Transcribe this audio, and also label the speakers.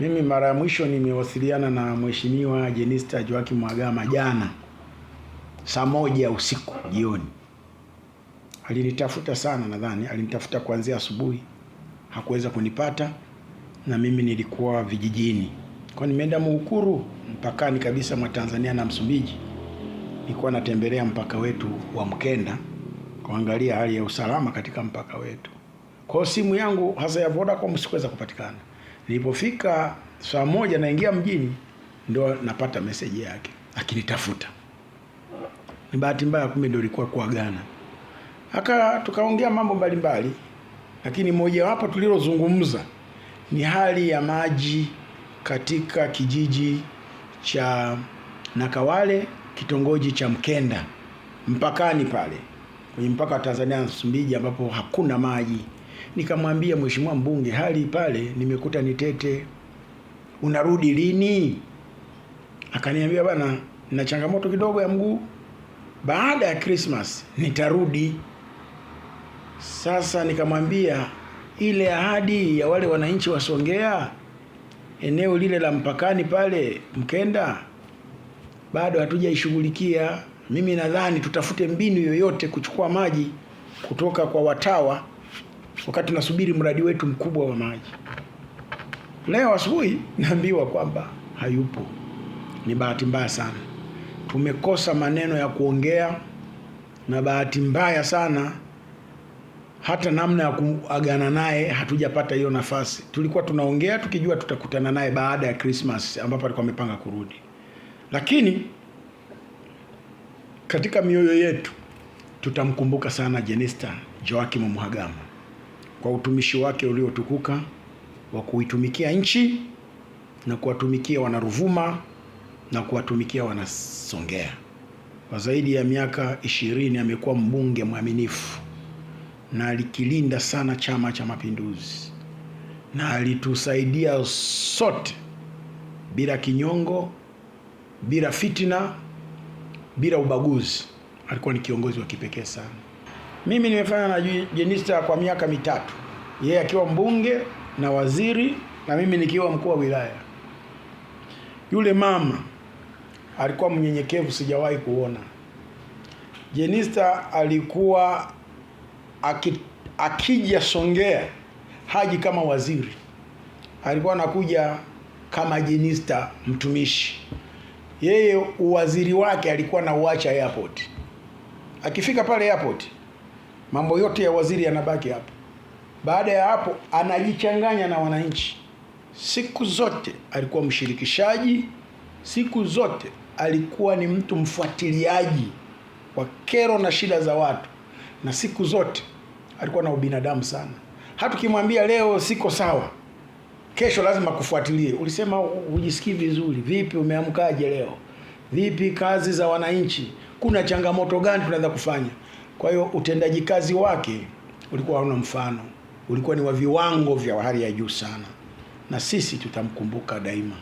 Speaker 1: Mimi mara ya mwisho nimewasiliana na Mheshimiwa Jenista Joakim Mhagama jana saa moja usiku jioni. Alinitafuta sana, nadhani alinitafuta kuanzia asubuhi, hakuweza kunipata na mimi nilikuwa vijijini, kwa nimeenda Muhukuru, mpakani kabisa mwa Tanzania na Msumbiji. Nilikuwa natembelea mpaka wetu wa Mkenda kuangalia hali ya usalama katika mpaka wetu. Kwa simu yangu hasa ya Vodacom sikuweza kupatikana. Nilipofika saa moja naingia mjini, ndo napata meseji yake akinitafuta. Ni bahati mbaya, kumbe ndo ilikuwa kuagana. Aka tukaongea mambo mbalimbali, lakini mojawapo tulilozungumza ni hali ya maji katika kijiji cha Nakawale kitongoji cha Mkenda mpakani pale kwenye mpaka wa Tanzania na Msumbiji ambapo hakuna maji. Nikamwambia mheshimiwa mbunge, hali pale nimekuta ni tete, unarudi lini? Akaniambia bana, na changamoto kidogo ya mguu, baada ya Christmas nitarudi. Sasa nikamwambia ile ahadi ya wale wananchi wa Songea eneo lile la mpakani pale Mkenda bado hatujaishughulikia. Mimi nadhani tutafute mbinu yoyote kuchukua maji kutoka kwa watawa wakati tunasubiri mradi wetu mkubwa wa maji. Leo asubuhi naambiwa kwamba hayupo. Ni bahati mbaya sana, tumekosa maneno ya kuongea, na bahati mbaya sana hata namna ya kuagana naye hatujapata hiyo nafasi. Tulikuwa tunaongea tukijua tutakutana naye baada ya Christmas, ambapo alikuwa amepanga kurudi, lakini katika mioyo yetu tutamkumbuka sana Jenista Joakim Mhagama kwa utumishi wake uliotukuka wa kuitumikia nchi na kuwatumikia wanaruvuma na kuwatumikia wanasongea. Kwa zaidi ya miaka ishirini amekuwa mbunge mwaminifu na alikilinda sana Chama cha Mapinduzi na alitusaidia sote bila kinyongo, bila fitina, bila ubaguzi. Alikuwa ni kiongozi wa kipekee sana. Mimi nimefanya na Jenista kwa miaka mitatu, yeye akiwa mbunge na waziri na mimi nikiwa mkuu wa wilaya. Yule mama alikuwa mnyenyekevu, sijawahi kuona. Jenista alikuwa aki, akija Songea haji kama waziri, alikuwa anakuja kama Jenista mtumishi. Yeye uwaziri wake alikuwa na uacha airport, akifika pale airport Mambo yote ya waziri yanabaki hapo. Baada ya hapo, anajichanganya na wananchi. Siku zote alikuwa mshirikishaji, siku zote alikuwa ni mtu mfuatiliaji wa kero na shida za watu, na siku zote alikuwa na ubinadamu sana. Hata ukimwambia leo siko sawa, kesho lazima kufuatilie. Ulisema hujisikii vizuri, vipi? Umeamkaje leo? Vipi kazi za wananchi? Kuna changamoto gani tunaweza kufanya? Kwa hiyo utendaji kazi wake ulikuwa hauna mfano, ulikuwa ni wa viwango vya hali ya juu sana, na sisi tutamkumbuka daima.